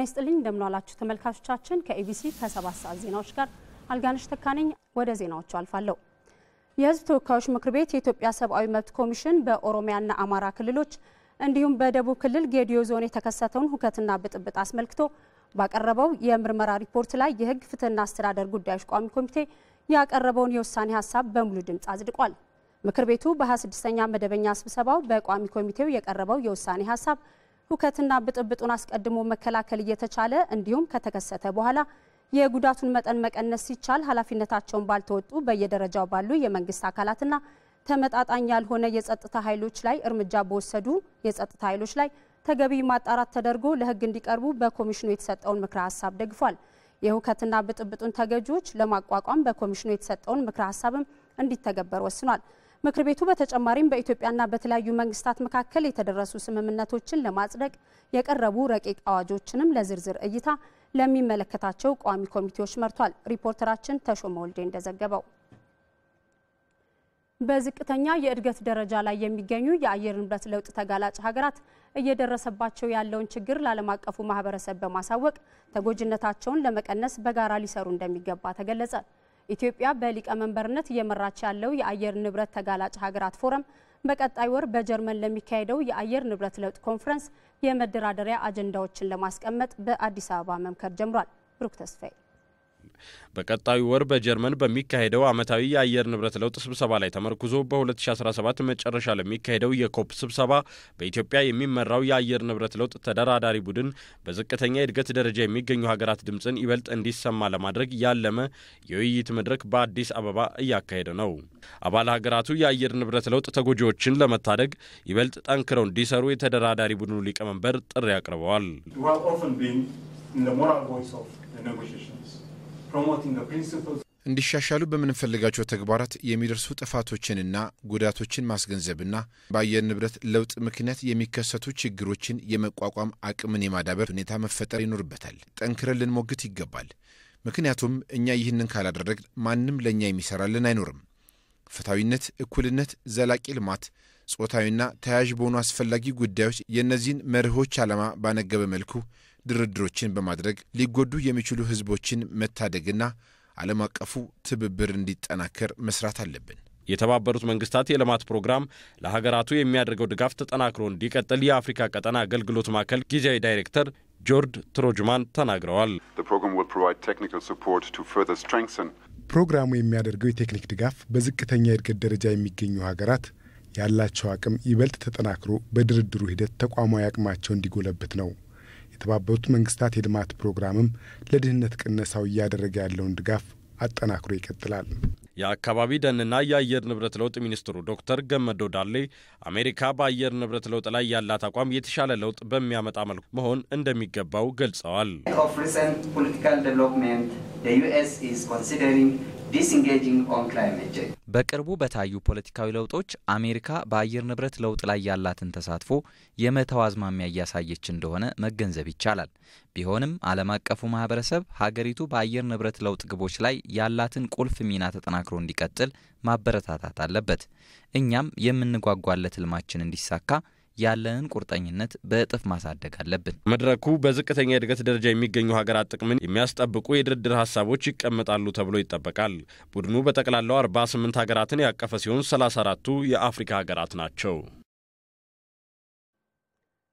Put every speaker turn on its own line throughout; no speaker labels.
ጤና ይስጥልኝ እንደምን ተመልካቾቻችን። ከኤቢሲ ከሰባት ሰዓት ዜናዎች ጋር አልጋነሽ ተካነኝ። ወደ ዜናዎቹ አልፋለሁ። የህዝብ ተወካዮች ምክር ቤት የኢትዮጵያ ሰብአዊ መብት ኮሚሽን በኦሮሚያና አማራ ክልሎች እንዲሁም በደቡብ ክልል ጌዲዮ ዞን የተከሰተውን ሁከትና ብጥብጥ አስመልክቶ ባቀረበው የምርመራ ሪፖርት ላይ የህግ ፍትህና አስተዳደር ጉዳዮች ቋሚ ኮሚቴ ያቀረበውን የውሳኔ ሀሳብ በሙሉ ድምፅ አጽድቋል። ምክር ቤቱ በ26ኛ መደበኛ ስብሰባው በቋሚ ኮሚቴው የቀረበው የውሳኔ ሀሳብ ሁከትና ብጥብጡን አስቀድሞ መከላከል እየተቻለ እንዲሁም ከተከሰተ በኋላ የጉዳቱን መጠን መቀነስ ሲቻል ኃላፊነታቸውን ባልተወጡ በየደረጃው ባሉ የመንግስት አካላትና ተመጣጣኝ ያልሆነ የጸጥታ ኃይሎች ላይ እርምጃ በወሰዱ የጸጥታ ኃይሎች ላይ ተገቢ ማጣራት ተደርጎ ለሕግ እንዲቀርቡ በኮሚሽኑ የተሰጠውን ምክረ ሀሳብ ደግፏል። የሁከትና ብጥብጡን ተገጆች ለማቋቋም በኮሚሽኑ የተሰጠውን ምክረ ሀሳብም እንዲተገበር ወስኗል። ምክር ቤቱ በተጨማሪም በኢትዮጵያና በተለያዩ መንግስታት መካከል የተደረሱ ስምምነቶችን ለማጽደቅ የቀረቡ ረቂቅ አዋጆችንም ለዝርዝር እይታ ለሚመለከታቸው ቋሚ ኮሚቴዎች መርቷል። ሪፖርተራችን ተሾመ ወልዴ እንደዘገበው በዝቅተኛ የእድገት ደረጃ ላይ የሚገኙ የአየር ንብረት ለውጥ ተጋላጭ ሀገራት እየደረሰባቸው ያለውን ችግር ለዓለም አቀፉ ማህበረሰብ በማሳወቅ ተጎጂነታቸውን ለመቀነስ በጋራ ሊሰሩ እንደሚገባ ተገለጸ። ኢትዮጵያ በሊቀመንበርነት እየመራች ያለው የአየር ንብረት ተጋላጭ ሀገራት ፎረም በቀጣይ ወር በጀርመን ለሚካሄደው የአየር ንብረት ለውጥ ኮንፈረንስ የመደራደሪያ አጀንዳዎችን ለማስቀመጥ በአዲስ አበባ መምከር ጀምሯል። ብሩክ ተስፋዬ
በቀጣዩ ወር በጀርመን በሚካሄደው ዓመታዊ የአየር ንብረት ለውጥ ስብሰባ ላይ ተመርኩዞ በ2017 መጨረሻ ለሚካሄደው የኮፕ ስብሰባ በኢትዮጵያ የሚመራው የአየር ንብረት ለውጥ ተደራዳሪ ቡድን በዝቅተኛ የእድገት ደረጃ የሚገኙ ሀገራት ድምፅን ይበልጥ እንዲሰማ ለማድረግ ያለመ የውይይት መድረክ በአዲስ አበባ እያካሄደ ነው። አባል ሀገራቱ የአየር ንብረት ለውጥ ተጎጂዎችን ለመታደግ ይበልጥ ጠንክረው እንዲሰሩ የተደራዳሪ ቡድኑ ሊቀመንበር ጥሪ አቅርበዋል።
እንዲሻሻሉ በምንፈልጋቸው ተግባራት የሚደርሱ ጥፋቶችንና ጉዳቶችን ማስገንዘብና በአየር ንብረት ለውጥ ምክንያት የሚከሰቱ ችግሮችን የመቋቋም አቅምን የማዳበር ሁኔታ መፈጠር ይኖርበታል። ጠንክረን ልንሞግት ይገባል። ምክንያቱም እኛ ይህንን ካላደረግን ማንም ለእኛ የሚሰራልን አይኖርም። ፍትሐዊነት፣ እኩልነት፣ ዘላቂ ልማት፣ ጾታዊና ተያያዥ በሆኑ አስፈላጊ ጉዳዮች የእነዚህን መርሆች ዓላማ ባነገበ መልኩ ድርድሮችን በማድረግ ሊጎዱ የሚችሉ ህዝቦችን መታደግና ዓለም አቀፉ ትብብር እንዲጠናከር መስራት አለብን።
የተባበሩት መንግስታት የልማት ፕሮግራም ለሀገራቱ የሚያደርገው ድጋፍ ተጠናክሮ እንዲቀጥል የአፍሪካ ቀጠና አገልግሎት ማዕከል ጊዜያዊ ዳይሬክተር ጆርድ ትሮጅማን ተናግረዋል።
ፕሮግራሙ የሚያደርገው የቴክኒክ ድጋፍ በዝቅተኛ የእድገት ደረጃ የሚገኙ ሀገራት ያላቸው አቅም ይበልጥ ተጠናክሮ በድርድሩ ሂደት ተቋማዊ አቅማቸው እንዲጎለብት ነው። የተባበሩት መንግስታት የልማት ፕሮግራምም ለድህነት ቅነሳው እያደረገ ያለውን ድጋፍ አጠናክሮ ይቀጥላል።
የአካባቢ ደንና የአየር ንብረት ለውጥ ሚኒስትሩ ዶክተር ገመዶ ዳሌ አሜሪካ በአየር ንብረት ለውጥ ላይ ያላት አቋም የተሻለ ለውጥ በሚያመጣ መልኩ መሆን እንደሚገባው ገልጸዋል።
በቅርቡ በታዩ ፖለቲካዊ ለውጦች አሜሪካ በአየር ንብረት ለውጥ ላይ ያላትን ተሳትፎ የመተው አዝማሚያ እያሳየች እንደሆነ መገንዘብ ይቻላል። ቢሆንም ዓለም አቀፉ ማህበረሰብ ሀገሪቱ በአየር ንብረት ለውጥ ግቦች ላይ ያላትን ቁልፍ ሚና ተጠናክሮ እንዲቀጥል ማበረታታት አለበት። እኛም የምንጓጓለት ህልማችን እንዲሳካ ያለንን ቁርጠኝነት በእጥፍ ማሳደግ አለብን።
መድረኩ በዝቅተኛ የእድገት ደረጃ የሚገኙ ሀገራት ጥቅምን የሚያስጠብቁ የድርድር ሀሳቦች ይቀመጣሉ ተብሎ ይጠበቃል። ቡድኑ በጠቅላላው 48 ሀገራትን ያቀፈ ሲሆን 34ቱ የአፍሪካ ሀገራት ናቸው።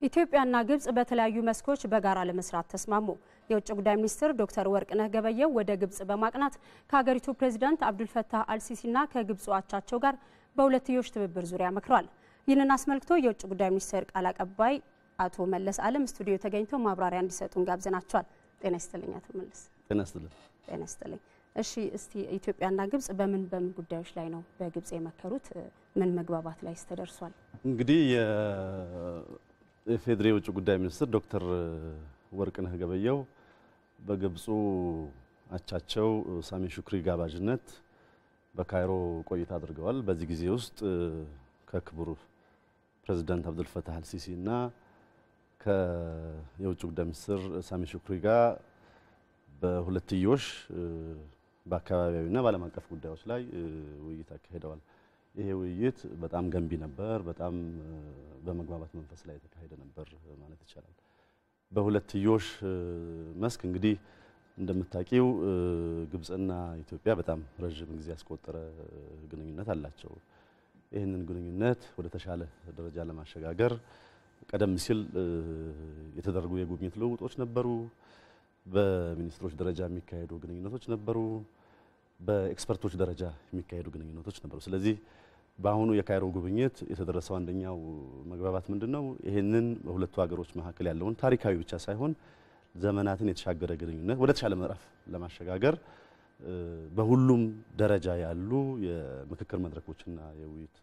ኢትዮጵያና ግብጽ በተለያዩ መስኮች በጋራ ለመስራት ተስማሙ። የውጭ ጉዳይ ሚኒስትር ዶክተር ወርቅነህ ገበየው ወደ ግብጽ በማቅናት ከሀገሪቱ ፕሬዚዳንት አብዱልፈታህ አልሲሲና ከግብጽ አቻቸው ጋር በሁለትዮሽ ትብብር ዙሪያ መክሯል። ይህንን አስመልክቶ የውጭ ጉዳይ ሚኒስቴር ቃል አቀባይ አቶ መለስ አለም ስቱዲዮ ተገኝተው ማብራሪያ እንዲሰጡን ጋብዘናቸዋል። ጤና ይስጥልኝ አቶ መለስ። ጤና ይስጥልኝ። ጤና ይስጥልኝ። እሺ እስቲ ኢትዮጵያና ግብጽ በምን በምን ጉዳዮች ላይ ነው በግብጽ የመከሩት? ምን መግባባት ላይ ስተደርሷል?
እንግዲህ የፌዴሬ የውጭ ጉዳይ ሚኒስትር ዶክተር ወርቅነህ ገበየው በግብፁ አቻቸው ሳሚ ሹክሪ ጋባዥነት በካይሮ ቆይታ አድርገዋል። በዚህ ጊዜ ውስጥ ከክቡር ፕሬዚዳንት አብዱልፈታህ አልሲሲ እና የውጭ ጉዳይ ሚኒስትር ሳሚ ሹክሪ ጋር በሁለትዮሽ በአካባቢያዊና በዓለም አቀፍ ጉዳዮች ላይ ውይይት አካሂደዋል። ይሄ ውይይት በጣም ገንቢ ነበር። በጣም በመግባባት መንፈስ ላይ የተካሄደ ነበር ማለት ይቻላል። በሁለትዮሽ መስክ እንግዲህ እንደምታውቂው ግብፅና ኢትዮጵያ በጣም ረዥም ጊዜ ያስቆጠረ ግንኙነት አላቸው። ይህንን ግንኙነት ወደ ተሻለ ደረጃ ለማሸጋገር ቀደም ሲል የተደረጉ የጉብኝት ልውውጦች ነበሩ። በሚኒስትሮች ደረጃ የሚካሄዱ ግንኙነቶች ነበሩ። በኤክስፐርቶች ደረጃ የሚካሄዱ ግንኙነቶች ነበሩ። ስለዚህ በአሁኑ የካይሮ ጉብኝት የተደረሰው አንደኛው መግባባት ምንድን ነው? ይህንን በሁለቱ ሀገሮች መካከል ያለውን ታሪካዊ ብቻ ሳይሆን ዘመናትን የተሻገረ ግንኙነት ወደ ተሻለ ምዕራፍ ለማሸጋገር በሁሉም ደረጃ ያሉ የምክክር መድረኮችና የውይይት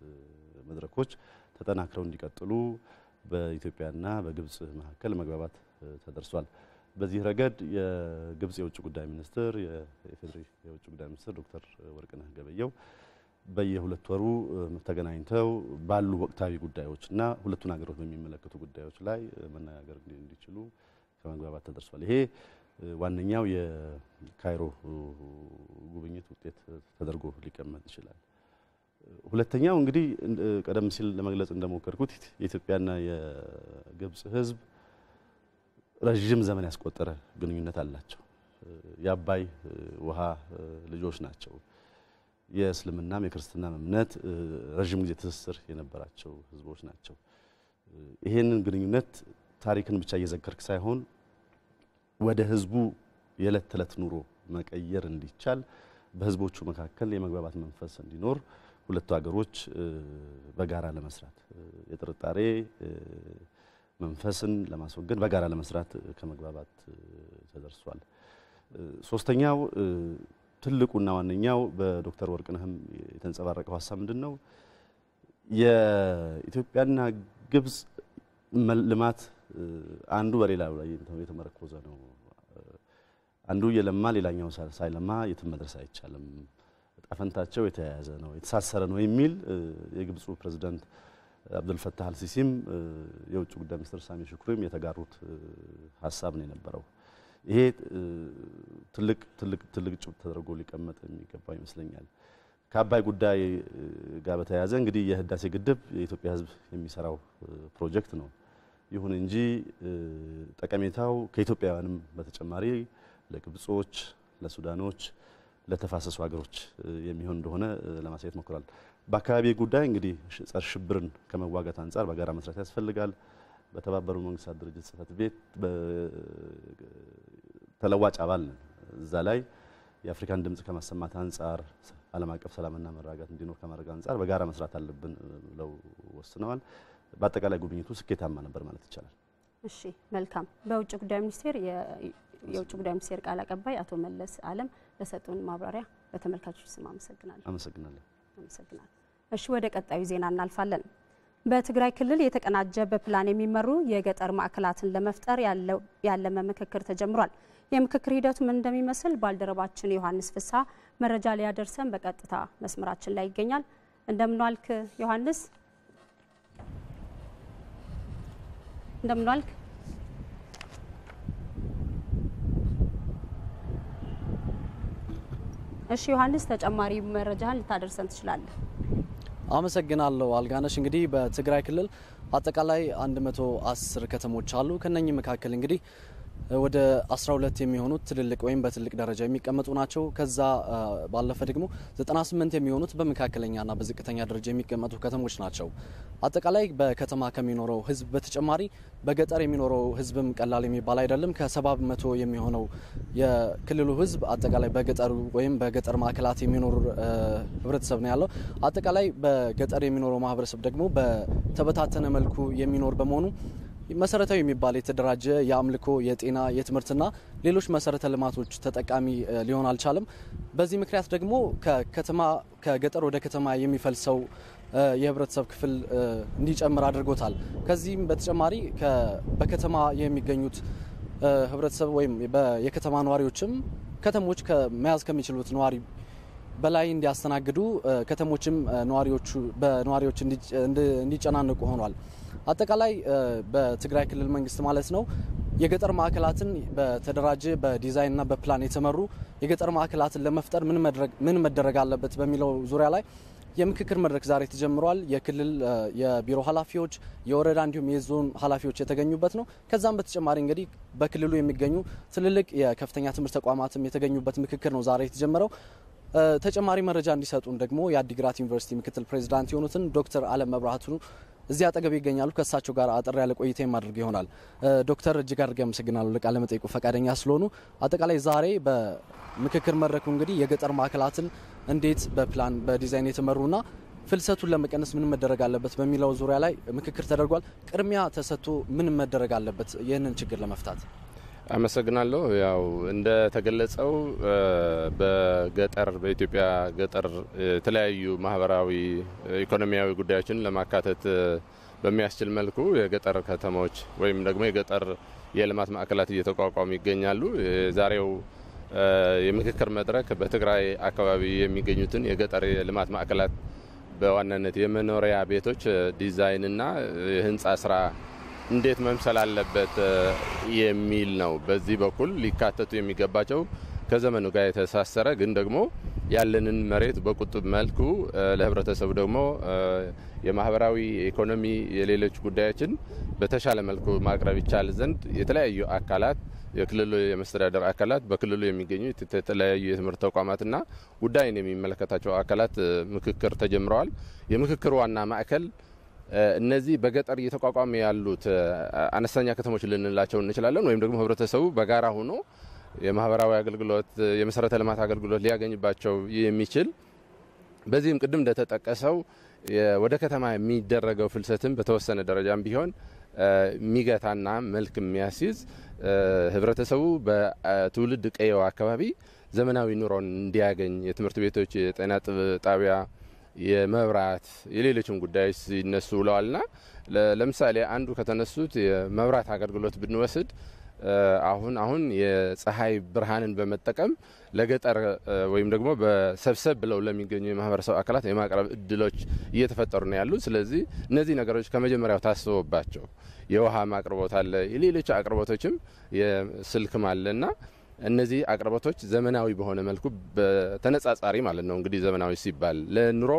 መድረኮች ተጠናክረው እንዲቀጥሉ በኢትዮጵያና በግብጽ መካከል መግባባት ተደርሷል። በዚህ ረገድ የግብጽ የውጭ ጉዳይ ሚኒስትር የኢፌዴሪ የውጭ ጉዳይ ሚኒስትር ዶክተር ወርቅነህ ገበየው በየሁለት ወሩ ተገናኝተው ባሉ ወቅታዊ ጉዳዮችና ሁለቱን ሀገሮች በሚመለከቱ ጉዳዮች ላይ መነጋገር እንዲችሉ ከመግባባት ተደርሷል። ይሄ ዋነኛው የካይሮ ጉብኝት ውጤት ተደርጎ ሊቀመጥ ይችላል። ሁለተኛው እንግዲህ ቀደም ሲል ለመግለጽ እንደሞከርኩት የኢትዮጵያና የግብጽ ሕዝብ ረዥም ዘመን ያስቆጠረ ግንኙነት አላቸው። የአባይ ውሃ ልጆች ናቸው። የእስልምናም የክርስትናም እምነት ረዥም ጊዜ ትስስር የነበራቸው ሕዝቦች ናቸው። ይህንን ግንኙነት ታሪክን ብቻ እየዘከርክ ሳይሆን ወደ ህዝቡ የዕለት ተዕለት ኑሮ መቀየር እንዲቻል በህዝቦቹ መካከል የመግባባት መንፈስ እንዲኖር ሁለቱ ሀገሮች በጋራ ለመስራት የጥርጣሬ መንፈስን ለማስወገድ በጋራ ለመስራት ከመግባባት ተደርሷል። ሶስተኛው ትልቁና ዋነኛው በዶክተር ወርቅነህም የተንጸባረቀው ሀሳብ ምንድን ነው? የኢትዮጵያና ግብጽ ልማት አንዱ በሌላው ላይ የተመረኮዘ ነው። አንዱ የለማ ሌላኛው ሳይለማ የትም መድረስ አይቻልም፣ ጣፈንታቸው የተያያዘ ነው፣ የተሳሰረ ነው የሚል የግብፁ ፕሬዚዳንት አብዱልፈታህ አልሲሲም የውጭ ጉዳይ ሚኒስትር ሳሚ ሽኩሪም የተጋሩት ሀሳብ ነው የነበረው። ይሄ ትልቅ ትልቅ ትልቅ ጭብጥ ተደርጎ ሊቀመጥ የሚገባው ይመስለኛል። ከአባይ ጉዳይ ጋር በተያያዘ እንግዲህ የህዳሴ ግድብ የኢትዮጵያ ሕዝብ የሚሰራው ፕሮጀክት ነው። ይሁን እንጂ ጠቀሜታው ከኢትዮጵያውያንም በተጨማሪ ለግብጾች፣ ለሱዳኖች፣ ለተፋሰሱ ሀገሮች የሚሆን እንደሆነ ለማሳየት ሞክሯል። በአካባቢ ጉዳይ እንግዲህ ጸረ ሽብርን ከመዋጋት አንጻር በጋራ መስራት ያስፈልጋል። በተባበሩ መንግስታት ድርጅት ጽህፈት ቤት ተለዋጭ አባል ነን። እዛ ላይ የአፍሪካን ድምፅ ከማሰማት አንጻር ዓለም አቀፍ ሰላምና መረጋጋት እንዲኖር ከማድረግ አንጻር በጋራ መስራት አለብን ብለው ወስነዋል። በአጠቃላይ ጉብኝቱ ስኬታማ ነበር ማለት ይቻላል።
እሺ መልካም። በውጭ ጉዳይ ሚኒስቴር የውጭ ጉዳይ ሚኒስቴር ቃል አቀባይ አቶ መለስ አለም ለሰጡን ማብራሪያ በተመልካቾች ስም አመሰግናለሁ።
አመሰግናለሁ። አመሰግናለሁ።
እሺ ወደ ቀጣዩ ዜና እናልፋለን። በትግራይ ክልል የተቀናጀ በፕላን የሚመሩ የገጠር ማዕከላትን ለመፍጠር ያለመ ምክክር ተጀምሯል። የምክክር ሂደቱ ምን እንደሚመስል ባልደረባችን ዮሐንስ ፍሳ መረጃ ሊያደርሰን በቀጥታ መስመራችን ላይ ይገኛል። እንደምናልክ ዮሐንስ። እንደምን ዋልክ? እሺ ዮሐንስ፣ ተጨማሪ መረጃህን ልታደርሰን ትችላለህ።
አመሰግናለሁ አልጋነሽ። እንግዲህ በትግራይ ክልል አጠቃላይ 110 ከተሞች አሉ። ከነኚህ መካከል እንግዲህ ወደ 12 የሚሆኑት ትልልቅ ወይም በትልቅ ደረጃ የሚቀመጡ ናቸው። ከዛ ባለፈ ደግሞ 98 የሚሆኑት በመካከለኛና በዝቅተኛ ደረጃ የሚቀመጡ ከተሞች ናቸው። አጠቃላይ በከተማ ከሚኖረው ሕዝብ በተጨማሪ በገጠር የሚኖረው ሕዝብም ቀላል የሚባል አይደለም። ከሰባ በመቶ የሚሆነው የክልሉ ሕዝብ አጠቃላይ በገጠሩ ወይም በገጠር ማዕከላት የሚኖር ህብረተሰብ ነው ያለው። አጠቃላይ በገጠር የሚኖረው ማህበረሰብ ደግሞ በተበታተነ መልኩ የሚኖር በመሆኑ መሰረታዊ የሚባል የተደራጀ የአምልኮ፣ የጤና፣ የትምህርትና ሌሎች መሰረተ ልማቶች ተጠቃሚ ሊሆን አልቻለም። በዚህ ምክንያት ደግሞ ከከተማ ከገጠር ወደ ከተማ የሚፈልሰው የህብረተሰብ ክፍል እንዲጨምር አድርጎታል። ከዚህም በተጨማሪ በከተማ የሚገኙት ህብረተሰብ ወይም የከተማ ነዋሪዎችም ከተሞች መያዝ ከሚችሉት ነዋሪ በላይ እንዲያስተናግዱ ከተሞችም ነዋሪዎቹ በነዋሪዎች እንዲጨናንቁ ሆኗል። አጠቃላይ በትግራይ ክልል መንግስት ማለት ነው የገጠር ማዕከላትን በተደራጀ በዲዛይንና በፕላን የተመሩ የገጠር ማዕከላትን ለመፍጠር ምን መደረግ አለበት በሚለው ዙሪያ ላይ የምክክር መድረክ ዛሬ ተጀምሯል። የክልል የቢሮ ኃላፊዎች፣ የወረዳ እንዲሁም የዞን ኃላፊዎች የተገኙበት ነው። ከዛም በተጨማሪ እንግዲህ በክልሉ የሚገኙ ትልልቅ የከፍተኛ ትምህርት ተቋማትም የተገኙበት ምክክር ነው ዛሬ የተጀመረው። ተጨማሪ መረጃ እንዲሰጡን ደግሞ የአዲግራት ዩኒቨርሲቲ ምክትል ፕሬዚዳንት የሆኑትን ዶክተር አለም መብራቱ እዚህ አጠገብ ይገኛሉ። ከእሳቸው ጋር አጠር ያለ ቆይታ የማድረግ ይሆናል። ዶክተር እጅግ አድርጌ አመሰግናለሁ ለቃለ መጠይቁ ፈቃደኛ ስለሆኑ። አጠቃላይ ዛሬ በምክክር መድረኩ እንግዲህ የገጠር ማዕከላትን እንዴት በፕላን በዲዛይን የተመሩና ፍልሰቱን ለመቀነስ ምን መደረግ አለበት በሚለው ዙሪያ ላይ ምክክር ተደርጓል። ቅድሚያ ተሰጥቶ ምን መደረግ አለበት ይህንን ችግር ለመፍታት
አመሰግናለሁ። ያው እንደተገለጸው በገጠር በኢትዮጵያ ገጠር የተለያዩ ማህበራዊ፣ ኢኮኖሚያዊ ጉዳዮችን ለማካተት በሚያስችል መልኩ የገጠር ከተሞች ወይም ደግሞ የገጠር የልማት ማዕከላት እየተቋቋሙ ይገኛሉ። የዛሬው የምክክር መድረክ በትግራይ አካባቢ የሚገኙትን የገጠር የልማት ማዕከላት በዋናነት የመኖሪያ ቤቶች ዲዛይንና የህንፃ ስራ እንዴት መምሰል አለበት የሚል ነው። በዚህ በኩል ሊካተቱ የሚገባቸው ከዘመኑ ጋር የተሳሰረ ግን ደግሞ ያለንን መሬት በቁጥብ መልኩ ለህብረተሰቡ ደግሞ የማህበራዊ ኢኮኖሚ፣ የሌሎች ጉዳዮችን በተሻለ መልኩ ማቅረብ ይቻል ዘንድ የተለያዩ አካላት የክልሉ የመስተዳደር አካላት በክልሉ የሚገኙ የተለያዩ የትምህርት ተቋማትና ጉዳይን የሚመለከታቸው አካላት ምክክር ተጀምረዋል። የምክክር ዋና ማዕከል እነዚህ በገጠር እየተቋቋሙ ያሉት አነስተኛ ከተሞች ልንላቸው እንችላለን። ወይም ደግሞ ህብረተሰቡ በጋራ ሆኖ የማህበራዊ አገልግሎት፣ የመሰረተ ልማት አገልግሎት ሊያገኝባቸው የሚችል በዚህም ቅድም እንደተጠቀሰው ወደ ከተማ የሚደረገው ፍልሰትም በተወሰነ ደረጃም ቢሆን የሚገታና መልክ የሚያስይዝ ህብረተሰቡ በትውልድ ቀየው አካባቢ ዘመናዊ ኑሮን እንዲያገኝ የትምህርት ቤቶች፣ የጤና ጣቢያ የመብራት የሌሎችም ጉዳዮች ሲነሱ ብለዋልና ለምሳሌ አንዱ ከተነሱት የመብራት አገልግሎት ብንወስድ አሁን አሁን የፀሐይ ብርሃንን በመጠቀም ለገጠር ወይም ደግሞ በሰብሰብ ብለው ለሚገኙ የማህበረሰብ አካላት የማቅረብ እድሎች እየተፈጠሩ ነው ያሉ። ስለዚህ እነዚህ ነገሮች ከመጀመሪያው ታስቦባቸው የውሃም አቅርቦት አለ፣ የሌሎች አቅርቦቶችም የስልክም አለ ና። እነዚህ አቅርቦቶች ዘመናዊ በሆነ መልኩ በተነጻጻሪ ማለት ነው እንግዲህ ዘመናዊ ሲባል ለኑሮ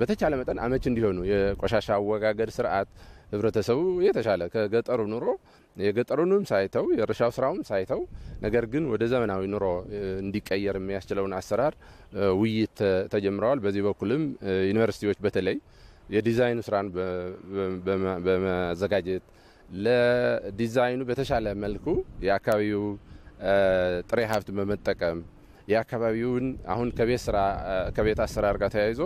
በተቻለ መጠን አመች እንዲሆኑ የቆሻሻ አወጋገድ ስርዓት ህብረተሰቡ የተሻለ ከገጠሩ ኑሮ የገጠሩንም ሳይተው የእርሻው ስራውም ሳይተው ነገር ግን ወደ ዘመናዊ ኑሮ እንዲቀየር የሚያስችለውን አሰራር ውይይት ተጀምረዋል። በዚህ በኩልም ዩኒቨርሲቲዎች በተለይ የዲዛይኑ ስራን በመዘጋጀት ለዲዛይኑ በተሻለ መልኩ የአካባቢው ጥሬ ሀብት በመጠቀም የአካባቢውን አሁን ከቤት ስራ ከቤት አሰራር ጋር ተያይዞ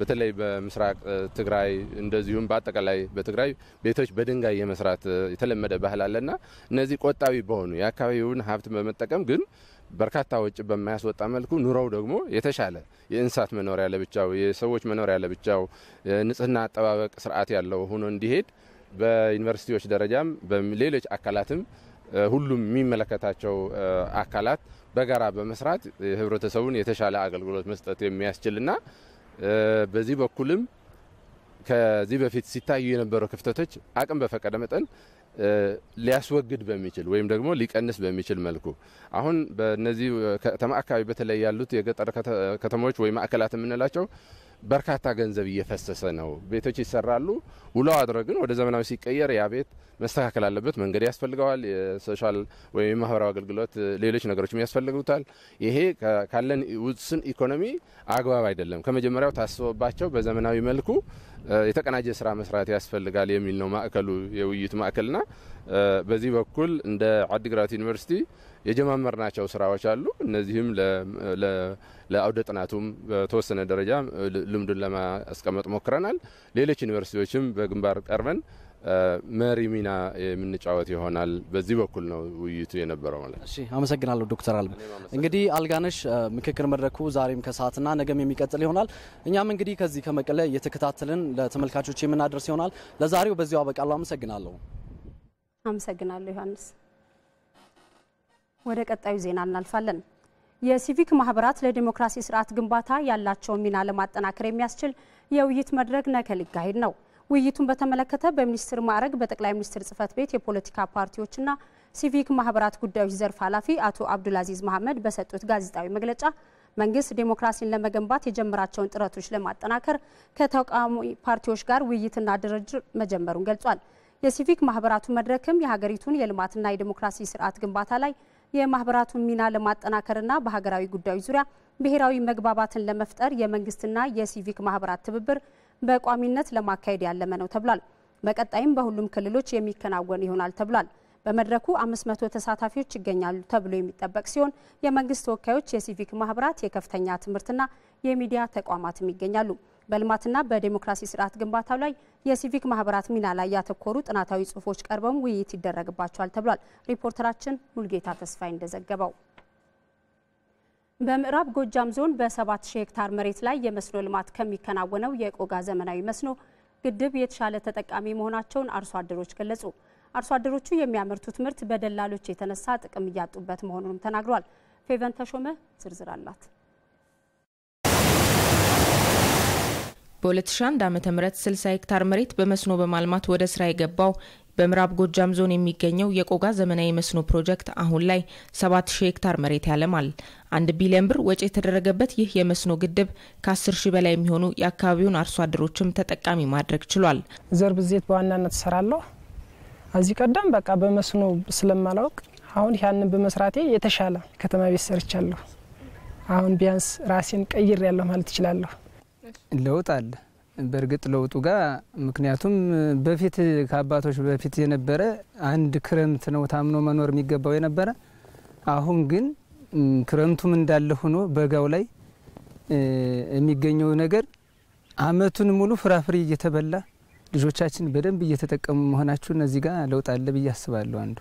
በተለይ በምስራቅ ትግራይ እንደዚሁም በአጠቃላይ በትግራይ ቤቶች በድንጋይ የመስራት የተለመደ ባህል አለና እነዚህ ቆጣቢ በሆኑ የአካባቢውን ሀብት በመጠቀም ግን በርካታ ወጪ በማያስወጣ መልኩ ኑሮው ደግሞ የተሻለ የእንስሳት መኖሪያ ለብቻው፣ የሰዎች መኖሪያ ለብቻው፣ ንጽህና አጠባበቅ ስርዓት ያለው ሆኖ እንዲሄድ በዩኒቨርሲቲዎች ደረጃም በሌሎች አካላትም ሁሉም የሚመለከታቸው አካላት በጋራ በመስራት ህብረተሰቡን የተሻለ አገልግሎት መስጠት የሚያስችልና በዚህ በኩልም ከዚህ በፊት ሲታዩ የነበሩ ክፍተቶች አቅም በፈቀደ መጠን ሊያስወግድ በሚችል ወይም ደግሞ ሊቀንስ በሚችል መልኩ አሁን በነዚህ ከተማ አካባቢ በተለይ ያሉት የገጠር ከተሞች ወይም ማዕከላት የምንላቸው በርካታ ገንዘብ እየፈሰሰ ነው። ቤቶች ይሰራሉ። ውለው አድሮ ግን ወደ ዘመናዊ ሲቀየር ያ ቤት መስተካከል አለበት። መንገድ ያስፈልገዋል። የሶሻል ወይም የማህበራዊ አገልግሎት፣ ሌሎች ነገሮችም ያስፈልጉታል። ይሄ ካለን ውስን ኢኮኖሚ አግባብ አይደለም። ከመጀመሪያው ታስቦባቸው በዘመናዊ መልኩ የተቀናጀ ስራ መስራት ያስፈልጋል የሚል ነው ማዕከሉ የውይይቱ ማዕከልና በዚህ በኩል እንደ አዲግራት ዩኒቨርሲቲ የጀማመርናቸው ስራዎች አሉ። እነዚህም ለአውደ ጥናቱም በተወሰነ ደረጃ ልምዱን ለማስቀመጥ ሞክረናል። ሌሎች ዩኒቨርሲቲዎችም በግንባር ቀርበን መሪ ሚና የምንጫወት ይሆናል። በዚህ በኩል ነው ውይይቱ የነበረው ማለት።
እሺ አመሰግናለሁ ዶክተር አልም። እንግዲህ አልጋነሽ ምክክር መድረኩ ዛሬም ከሰዓትና ነገም የሚቀጥል ይሆናል። እኛም እንግዲህ ከዚህ ከመቀለ እየተከታተልን ለተመልካቾች የምናደርስ ይሆናል። ለዛሬው በዚያው አበቃለሁ። አመሰግናለሁ።
አመሰግናለሁ ዮሐንስ። ወደ ቀጣዩ ዜና እናልፋለን። የሲቪክ ማህበራት ለዲሞክራሲ ስርዓት ግንባታ ያላቸውን ሚና ለማጠናከር የሚያስችል የውይይት መድረክ ነገ ሊካሄድ ነው። ውይይቱን በተመለከተ በሚኒስትር ማዕረግ በጠቅላይ ሚኒስትር ጽህፈት ቤት የፖለቲካ ፓርቲዎችና ሲቪክ ማህበራት ጉዳዮች ዘርፍ ኃላፊ አቶ አብዱልአዚዝ መሐመድ በሰጡት ጋዜጣዊ መግለጫ መንግስት ዴሞክራሲን ለመገንባት የጀመራቸውን ጥረቶች ለማጠናከር ከተቃዋሚ ፓርቲዎች ጋር ውይይትና ድርድር መጀመሩን ገልጿል። የሲቪክ ማህበራቱ መድረክም የሀገሪቱን የልማትና የዲሞክራሲ ስርዓት ግንባታ ላይ የማህበራቱን ሚና ለማጠናከርና በሀገራዊ ጉዳዮች ዙሪያ ብሔራዊ መግባባትን ለመፍጠር የመንግስትና የሲቪክ ማህበራት ትብብር በቋሚነት ለማካሄድ ያለመ ነው ተብሏል። በቀጣይም በሁሉም ክልሎች የሚከናወን ይሆናል ተብሏል። በመድረኩ 500 ተሳታፊዎች ይገኛሉ ተብሎ የሚጠበቅ ሲሆን የመንግስት ተወካዮች፣ የሲቪክ ማህበራት፣ የከፍተኛ ትምህርትና የሚዲያ ተቋማትም ይገኛሉ። በልማትና በዴሞክራሲ ስርዓት ግንባታው ላይ የሲቪክ ማህበራት ሚና ላይ ያተኮሩ ጥናታዊ ጽሁፎች ቀርበውም ውይይት ይደረግባቸዋል ተብሏል። ሪፖርተራችን ሙልጌታ ተስፋይ እንደዘገበው በምዕራብ ጎጃም ዞን በ 7000 ሄክታር መሬት ላይ የመስኖ ልማት ከሚከናወነው የቆጋ ዘመናዊ መስኖ ግድብ የተሻለ ተጠቃሚ መሆናቸውን አርሶ አደሮች ገለጹ። አርሶ አደሮቹ የሚያመርቱት ምርት በደላሎች የተነሳ ጥቅም እያጡበት መሆኑንም ተናግሯል። ፌቨን ተሾመ ዝርዝር አላት።
በ2001 ዓ ም 60 ሄክታር መሬት በመስኖ በማልማት ወደ ስራ የገባው በምዕራብ ጎጃም ዞን የሚገኘው የቆጋ ዘመናዊ መስኖ ፕሮጀክት አሁን ላይ 7000 ሄክታር መሬት ያለማል። አንድ ቢሊዮን ብር ወጪ የተደረገበት ይህ የመስኖ ግድብ ከ10 ሺህ በላይ የሚሆኑ የአካባቢውን አርሶ አደሮችም ተጠቃሚ ማድረግ ችሏል።
ዘር ብዜት በዋናነት ሰራለሁ። እዚህ ቀደም በቃ በመስኖ ስለማላውቅ አሁን ያንን በመስራቴ የተሻለ ከተማ ቤት ሰርቻለሁ። አሁን ቢያንስ ራሴን ቀይር ያለሁ ማለት እችላለሁ።
ለውጥ አለ። በእርግጥ ለውጡ ጋር ምክንያቱም በፊት ከአባቶች በፊት የነበረ አንድ ክረምት ነው ታምኖ መኖር የሚገባው የነበረ። አሁን ግን ክረምቱም እንዳለ ሆኖ በጋው ላይ የሚገኘው ነገር አመቱን ሙሉ ፍራፍሬ እየተበላ ልጆቻችን በደንብ እየተጠቀሙ መሆናቸው እነዚህ ጋር ለውጥ አለ ብዬ አስባለሁ። አንዱ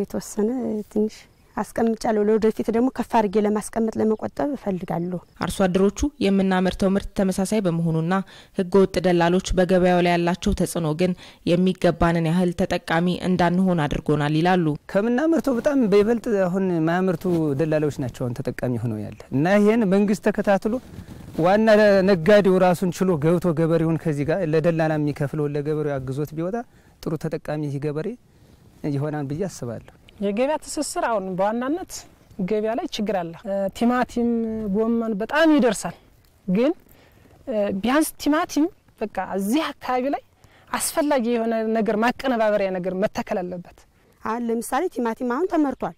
የተወሰነ ትንሽ አስቀምጫለሁ። ለወደፊት ደግሞ ከፍ አድርጌ ለማስቀመጥ ለመቆጠብ እፈልጋለሁ።
አርሶ አደሮቹ የምናመርተው ምርት ተመሳሳይ በመሆኑና ህገ ወጥ ደላሎች በገበያው ላይ ያላቸው ተጽዕኖ ግን የሚገባንን ያህል ተጠቃሚ እንዳንሆን አድርጎናል ይላሉ።
ከምናመርተው በጣም በይበልጥ አሁን ማያመርቱ ደላሎች ናቸው አሁን ተጠቃሚ ሆነው ያለ እና ይህን መንግስት ተከታትሎ ዋና ነጋዴው ራሱን ችሎ ገብቶ ገበሬውን ከዚህ ጋር ለደላላ የሚከፍለው ለገበሬው አግዞት ቢወጣ ጥሩ ተጠቃሚ ገበሬ ይሆናል ብዬ አስባለሁ።
የገበያ ትስስር አሁን በዋናነት ገበያ ላይ ችግር አለ። ቲማቲም፣ ጎመን በጣም ይደርሳል። ግን ቢያንስ ቲማቲም በቃ እዚህ አካባቢ ላይ አስፈላጊ የሆነ ነገር ማቀነባበሪያ ነገር መተከል አለበት።
አሁን ለምሳሌ ቲማቲም አሁን ተመርቷል።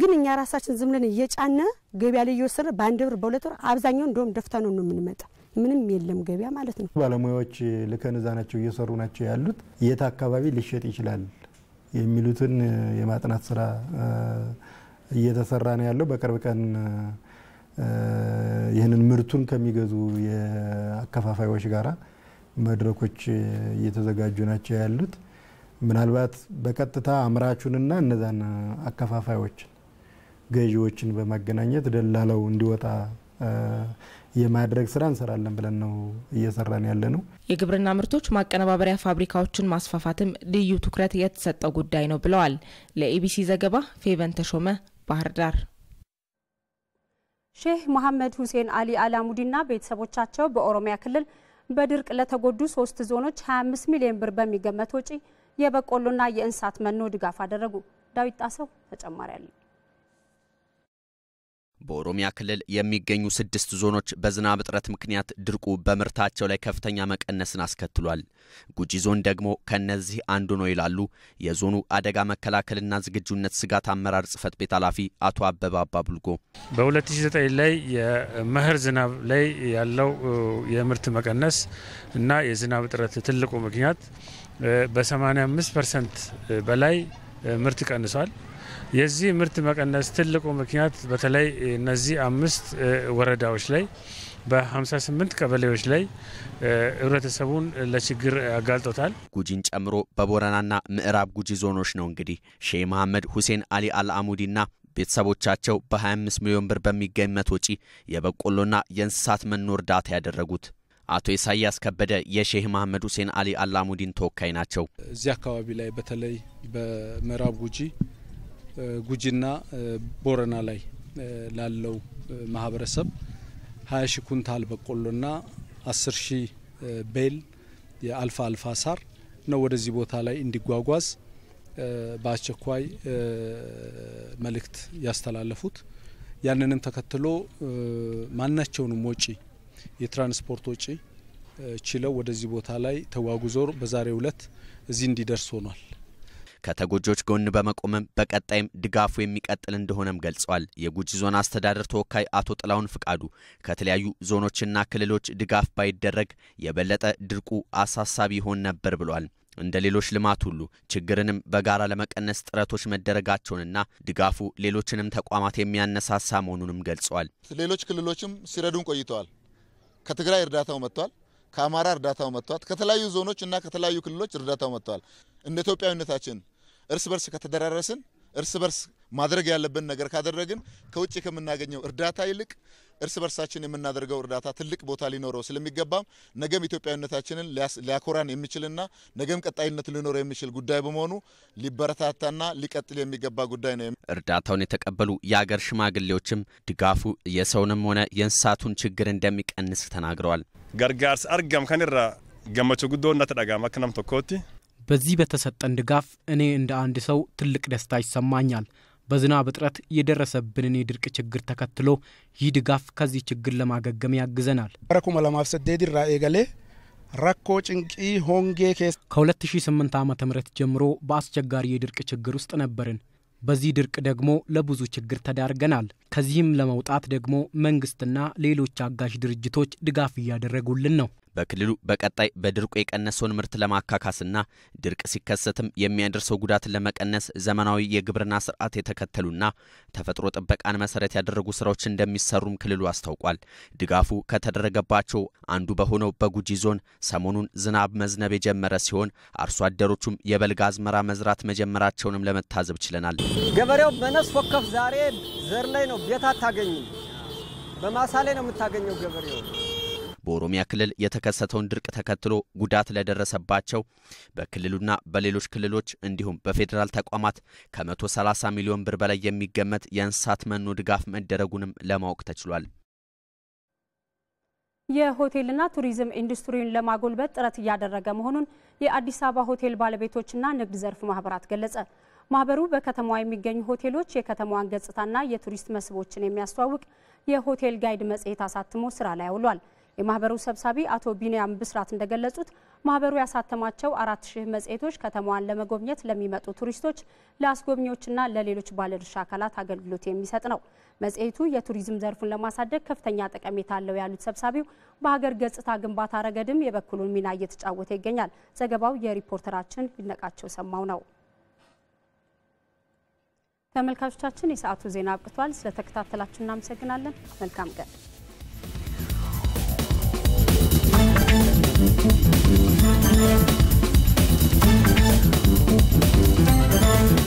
ግን እኛ ራሳችን ዝም ብለን እየጫነ ገበያ ላይ እየወሰደ በአንድ ብር በሁለት ብር አብዛኛው እንደውም ደፍታ ነው ነው የምንመጣ። ምንም የለም ገበያ ማለት ነው።
ባለሙያዎች ልከን እዛ ናቸው እየሰሩ ናቸው ያሉት። የት አካባቢ ሊሸጥ ይችላል የሚሉትን የማጥናት ስራ እየተሰራ ነው ያለው። በቅርብ ቀን ይህንን ምርቱን ከሚገዙ የአከፋፋዮች ጋራ መድረኮች እየተዘጋጁ ናቸው ያሉት። ምናልባት በቀጥታ አምራቹንና እነዛን አከፋፋዮችን ገዢዎችን በማገናኘት ደላላው እንዲወጣ የማድረግ ስራ እንሰራለን ብለን ነው እየሰራን ያለ ነው።
የግብርና ምርቶች ማቀነባበሪያ ፋብሪካዎችን ማስፋፋትም ልዩ ትኩረት የተሰጠው ጉዳይ ነው ብለዋል። ለኢቢሲ ዘገባ ፌቨን ተሾመ ባህር ዳር።
ሼህ መሐመድ ሁሴን አሊ አላሙዲና ቤተሰቦቻቸው በኦሮሚያ ክልል በድርቅ ለተጎዱ ሶስት ዞኖች 25 ሚሊዮን ብር በሚገመት ወጪ የበቆሎና የእንስሳት መኖ ድጋፍ አደረጉ። ዳዊት ጣሰው ተጨማሪ አለው።
በኦሮሚያ ክልል የሚገኙ ስድስት ዞኖች በዝናብ እጥረት ምክንያት ድርቁ በምርታቸው ላይ ከፍተኛ መቀነስን አስከትሏል። ጉጂ ዞን ደግሞ ከእነዚህ አንዱ ነው ይላሉ የዞኑ አደጋ መከላከልና ዝግጁነት ስጋት አመራር ጽህፈት ቤት ኃላፊ አቶ አበባ አባብልጎ
በ2009 ላይ የመኸር ዝናብ ላይ ያለው የምርት መቀነስ እና የዝናብ እጥረት ትልቁ ምክንያት በ85 ፐርሰንት በላይ ምርት ቀንሷል። የዚህ ምርት መቀነስ ትልቁ ምክንያት በተለይ እነዚህ አምስት ወረዳዎች ላይ በ58 ቀበሌዎች ላይ ህብረተሰቡን ለችግር አጋልጦታል።
ጉጂን ጨምሮ በቦረናና ምዕራብ ጉጂ ዞኖች ነው እንግዲህ ሼህ መሐመድ ሁሴን አሊ አልአሙዲና ቤተሰቦቻቸው በ25 ሚሊዮን ብር በሚገመት ወጪ የበቆሎና የእንስሳት መኖ እርዳታ ያደረጉት። አቶ ኢሳያስ ከበደ የሼህ መሐመድ ሁሴን አሊ አላሙዲን ተወካይ ናቸው።
እዚህ አካባቢ ላይ በተለይ በምዕራብ ጉጂ ጉጂና ቦረና ላይ ላለው ማህበረሰብ ሀያ ሺ ኩንታል በቆሎና አስር ሺ ቤል የአልፋ አልፋ ሳር ነው ወደዚህ ቦታ ላይ እንዲጓጓዝ በአስቸኳይ መልእክት ያስተላለፉት። ያንንም ተከትሎ ማናቸውንም ወጪ የትራንስፖርት ወጪ ችለው ወደዚህ ቦታ ላይ ተጓጉዞ በዛሬው ዕለት እዚህ እንዲደርስ ሆኗል።
ከተጎጆች ጎን በመቆምም በቀጣይም ድጋፉ የሚቀጥል እንደሆነም ገልጸዋል። የጉጂ ዞን አስተዳደር ተወካይ አቶ ጥላሁን ፍቃዱ ከተለያዩ ዞኖችና ክልሎች ድጋፍ ባይደረግ የበለጠ ድርቁ አሳሳቢ ይሆን ነበር ብሏል። እንደ ሌሎች ልማት ሁሉ ችግርንም በጋራ ለመቀነስ ጥረቶች መደረጋቸውንና ድጋፉ ሌሎችንም ተቋማት የሚያነሳሳ መሆኑንም ገልጸዋል።
ሌሎች ክልሎችም ሲረዱን ቆይተዋል። ከትግራይ እርዳታው መጥቷል። ከአማራ እርዳታው መጥቷል። ከተለያዩ ዞኖች እና ከተለያዩ ክልሎች እርዳታው መጥቷል። እንደ ኢትዮጵያዊነታችን እርስ በርስ ከተደራረስን እርስ በርስ ማድረግ ያለብን ነገር ካደረግን ከውጭ ከምናገኘው እርዳታ ይልቅ እርስ በርሳችን የምናደርገው እርዳታ ትልቅ ቦታ ሊኖረው ስለሚገባም ነገም ኢትዮጵያዊነታችንን ሊያኮራን የሚችልና ነገም ቀጣይነት ሊኖረው የሚችል ጉዳይ በመሆኑ ሊበረታታና ሊቀጥል የሚገባ ጉዳይ ነው።
እርዳታውን የተቀበሉ የአገር ሽማግሌዎችም ድጋፉ የሰውንም ሆነ የእንስሳቱን ችግር እንደሚቀንስ ተናግረዋል።
ገርጋርስ አርጋም ከንራ ገመቹ ጉዶ እናተዳጋማ ክናም ቶኮቲ
በዚህ በተሰጠን ድጋፍ እኔ እንደ አንድ ሰው ትልቅ ደስታ ይሰማኛል። በዝናብ እጥረት የደረሰብንን የድርቅ ችግር ተከትሎ ይህ ድጋፍ ከዚህ ችግር ለማገገም ያግዘናል።
ራኮ ጭንቂ ሆንጌ ኬስ
ከ2008 ዓ ም ጀምሮ በአስቸጋሪ የድርቅ ችግር ውስጥ ነበርን። በዚህ ድርቅ ደግሞ ለብዙ ችግር ተዳርገናል። ከዚህም ለመውጣት ደግሞ መንግስትና ሌሎች አጋዥ ድርጅቶች ድጋፍ እያደረጉልን ነው።
በክልሉ በቀጣይ በድርቁ የቀነሰውን ምርት ለማካካስና ድርቅ ሲከሰትም የሚያደርሰው ጉዳት ለመቀነስ ዘመናዊ የግብርና ስርዓት የተከተሉና ተፈጥሮ ጥበቃን መሰረት ያደረጉ ስራዎች እንደሚሰሩም ክልሉ አስታውቋል። ድጋፉ ከተደረገባቸው አንዱ በሆነው በጉጂ ዞን ሰሞኑን ዝናብ መዝነብ የጀመረ ሲሆን አርሶ አደሮቹም የበልግ አዝመራ መዝራት መጀመራቸውንም ለመታዘብ ችለናል።
ገበሬው በነፍስ ወከፍ ዛሬ ዘር ላይ ነው፣ ቤት አታገኝም፣ በማሳ ላይ ነው የምታገኘው ገበሬው
በኦሮሚያ ክልል የተከሰተውን ድርቅ ተከትሎ ጉዳት ለደረሰባቸው በክልሉና በሌሎች ክልሎች እንዲሁም በፌዴራል ተቋማት ከ130 ሚሊዮን ብር በላይ የሚገመት የእንስሳት መኖ ድጋፍ መደረጉንም ለማወቅ ተችሏል።
የሆቴልና ቱሪዝም ኢንዱስትሪውን ለማጎልበት ጥረት እያደረገ መሆኑን የአዲስ አበባ ሆቴል ባለቤቶችና ንግድ ዘርፍ ማህበራት ገለጸ። ማህበሩ በከተማዋ የሚገኙ ሆቴሎች የከተማዋን ገጽታና የቱሪስት መስህቦችን የሚያስተዋውቅ የሆቴል ጋይድ መጽሔት አሳትሞ ስራ ላይ አውሏል። የማህበሩ ሰብሳቢ አቶ ቢንያም ብስራት እንደገለጹት ማህበሩ ያሳተማቸው አራት ሺህ መጽሔቶች ከተማዋን ለመጎብኘት ለሚመጡ ቱሪስቶች፣ ለአስጎብኚዎችና ለሌሎች ባለድርሻ አካላት አገልግሎት የሚሰጥ ነው። መጽሔቱ የቱሪዝም ዘርፉን ለማሳደግ ከፍተኛ ጠቀሜታ አለው ያሉት ሰብሳቢው በሀገር ገጽታ ግንባታ ረገድም የበኩሉን ሚና እየተጫወተ ይገኛል። ዘገባው የሪፖርተራችን ይድነቃቸው ሰማው ነው። ተመልካቾቻችን የሰዓቱ ዜና አብቅቷል። ስለተከታተላችሁ እናመሰግናለን። መልካም ቀን Thank you.